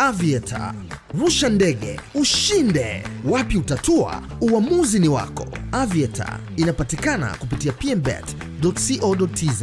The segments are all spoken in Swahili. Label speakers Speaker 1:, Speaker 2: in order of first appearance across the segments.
Speaker 1: Avieta, rusha ndege ushinde. Wapi utatua? Uamuzi ni wako. Avieta inapatikana kupitia pmbet.co.tz.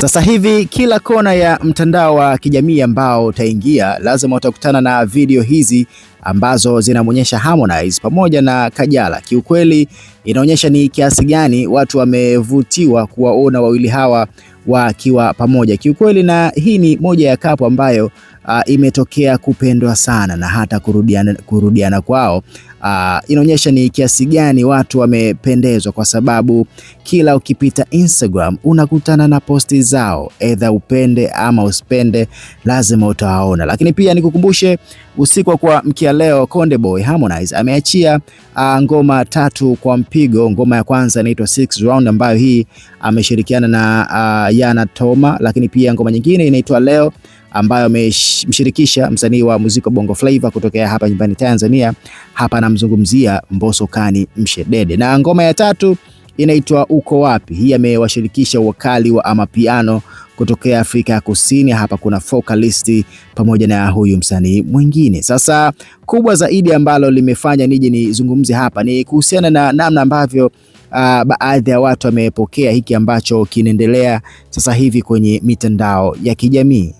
Speaker 2: Sasa hivi kila kona ya mtandao wa kijamii ambao utaingia lazima utakutana na video hizi ambazo zinamwonyesha Harmonize pamoja na Kajala. Kiukweli inaonyesha ni kiasi gani watu wamevutiwa kuwaona wawili hawa wakiwa pamoja. Kiukweli, na hii ni moja ya kapu ambayo uh, imetokea kupendwa sana na hata kurudiana, kurudiana kwao uh, inaonyesha ni kiasi gani watu wamependezwa, kwa sababu kila ukipita Instagram unakutana na posti zao, edha upende ama usipende, lazima utawaona. Lakini pia nikukumbushe usiku wa kuamkia leo, Konde Boy Harmonize ameachia uh, ngoma tatu kwa mpigo. Ngoma ya kwanza inaitwa Six Round ambayo hii ameshirikiana na uh, Yana Toma, lakini pia ngoma nyingine inaitwa leo ambayo amemshirikisha msanii wa muziki wa Bongo Flava kutokea hapa nyumbani Tanzania. Hapa anamzungumzia Mbosso Kani Mshedede, na ngoma ya tatu inaitwa Uko Wapi. Hii amewashirikisha wakali wa Amapiano kutokea Afrika ya Kusini. Hapa kuna vocalist pamoja na huyu msanii mwingine. Sasa kubwa zaidi ambalo limefanya nije nizungumze hapa ni kuhusiana na namna ambavyo Uh, baadhi ya watu wamepokea hiki ambacho kinaendelea sasa hivi kwenye mitandao ya kijamii.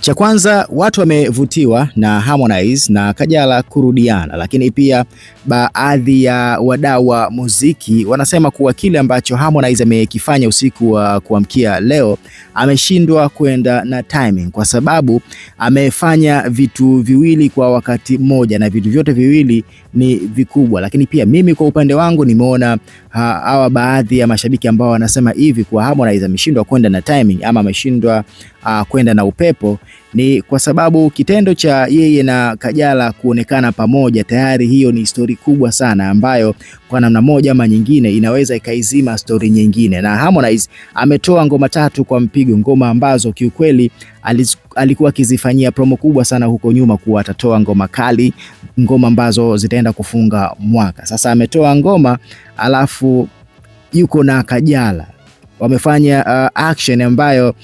Speaker 2: Cha kwanza watu wamevutiwa na Harmonize na Kajala kurudiana, lakini pia baadhi ya wadau wa muziki wanasema kuwa kile ambacho Harmonize amekifanya usiku wa kuamkia leo ameshindwa kwenda na timing, kwa sababu amefanya vitu viwili kwa wakati mmoja na vitu vyote viwili ni vikubwa. Lakini pia mimi kwa upande wangu nimeona hawa baadhi ya mashabiki ambao wanasema hivi kuwa Harmonize ameshindwa kwenda na timing ama ameshindwa kwenda na upepo ni kwa sababu kitendo cha yeye na Kajala kuonekana pamoja tayari, hiyo ni stori kubwa sana ambayo kwa namna moja ama nyingine inaweza ikaizima stori nyingine. Na Harmonize ametoa ngoma tatu kwa mpigo, ngoma ambazo kiukweli alikuwa akizifanyia promo kubwa sana huko nyuma, kuwa atatoa ngoma kali, ngoma ambazo zitaenda kufunga mwaka. Sasa ametoa ngoma alafu yuko na Kajala wamefanya uh, action ambayo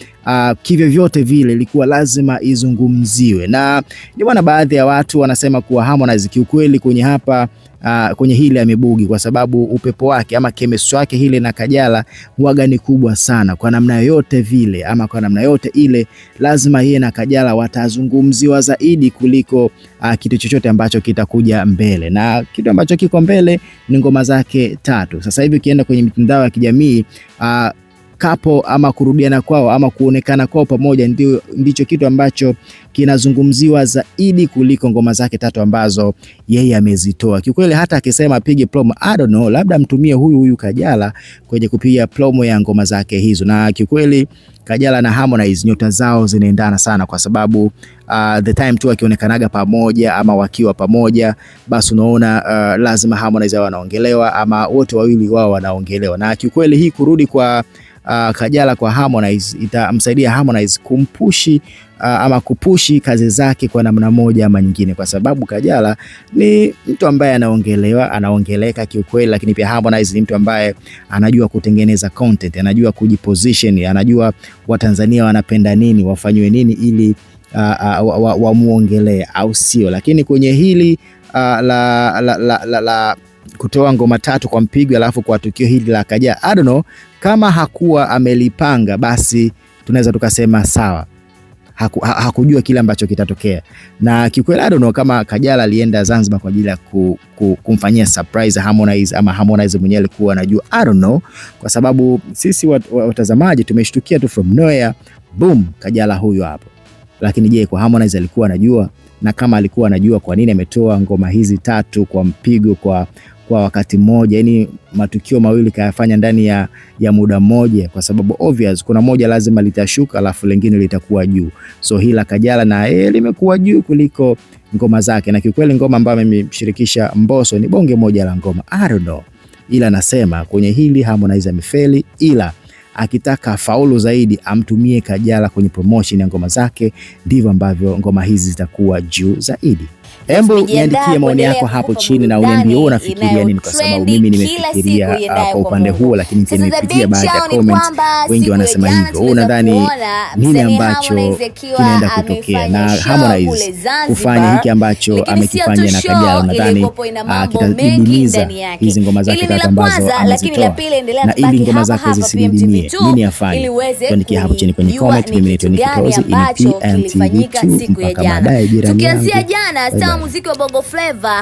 Speaker 2: uh, vyote vile ilikuwa lazima izungumziwe, na ndio maana baadhi ya watu wanasema kuwa Harmonize kiukweli kwenye hapa Uh, kwenye hili amebugi kwa sababu upepo wake ama chemistry wake hile na Kajala waga ni kubwa sana. Kwa namna yote vile ama kwa namna yote ile, lazima yeye na Kajala watazungumziwa zaidi kuliko uh, kitu chochote ambacho kitakuja mbele, na kitu ambacho kiko mbele ni ngoma zake tatu. Sasa hivi ukienda kwenye mitandao ya kijamii uh, kapo ama kurudiana kwao ama kuonekana kwao pamoja ndio, ndicho kitu ambacho kinazungumziwa zaidi kuliko ngoma zake tatu ambazo yeye amezitoa. Kiukweli hata akisema apige promo, I don't know, labda mtumie huyu huyu Kajala kwenye kupiga promo ya ngoma zake hizo, na kiukweli Kajala na Harmonize nyota zao zinaendana sana kwa sababu uh, the time tu akionekanaga pamoja ama wakiwa pamoja basi unaona uh, lazima Harmonize wanaongelewa ama wote wawili wao wanaongelewa, na kiukweli hii kurudi kwa uh, Kajala kwa Harmonize itamsaidia Harmonize kumpushi uh, ama kupushi kazi zake kwa namna moja ama nyingine, kwa sababu Kajala ni mtu ambaye anaongelewa, anaongeleka kiukweli, lakini pia Harmonize ni mtu ambaye anajua kutengeneza content, anajua kujiposition, anajua Watanzania wanapenda nini, wafanywe nini ili wamuongelee ah, wa, wa, wa au sio. Lakini kwenye hili uh, la, la, la, la, la kutoa ngoma tatu kwa mpigo, alafu kwa tukio hili la Kaja. I don't know kama hakuwa amelipanga, basi tunaweza tukasema sawa haku, ha, hakujua kile ambacho kitatokea, na kiukweli I don't know kama Kajala alienda Zanzibar kwa ajili ya ku, ku, kumfanyia surprise Harmonize ama Harmonize mwenyewe alikuwa anajua I don't know, kwa sababu sisi watazamaji tumeshtukia tu from nowhere boom, Kajala huyo hapo. Lakini je, kwa Harmonize alikuwa anajua? na kama alikuwa anajua kwa nini ametoa ngoma hizi tatu kwa mpigo kwa, kwa wakati mmoja, yani matukio mawili kayafanya ndani ya, ya muda mmoja, kwa sababu obvious kuna moja lazima litashuka alafu lingine litakuwa juu. So hila Kajala na yeye limekuwa juu kuliko ngoma zake, na kiukweli ngoma ambayo amemshirikisha Mbosso ni bonge moja la ngoma I don't know, ila nasema kwenye hili Harmonize amefeli ila akitaka faulu zaidi amtumie Kajala kwenye promotion ya ngoma zake, ndivyo ambavyo ngoma hizi zitakuwa juu zaidi. Hebu niandikie maoni yako hapo chini na uniambie wewe unafikiria nini, kwa sababu mimi nimefikiria kwa upande huo, lakini pia nimepitia baadhi ya comment, wengi wanasema hivyo. Wewe unadhani nini ambacho kinaenda kutokea na Harmonize kufanya hiki ambacho amekifanya na Kajala? Unadhani kitadidimiza hizi ngoma zake tatu ambazo amezitoa, na ili ngoma zake zisididimie, nini afanye? Tuandikie hapo chini kwenye comment. Mimi ni PMTV2 mpaka baadaye, jirani yangu. muziki wa Bongo Flava.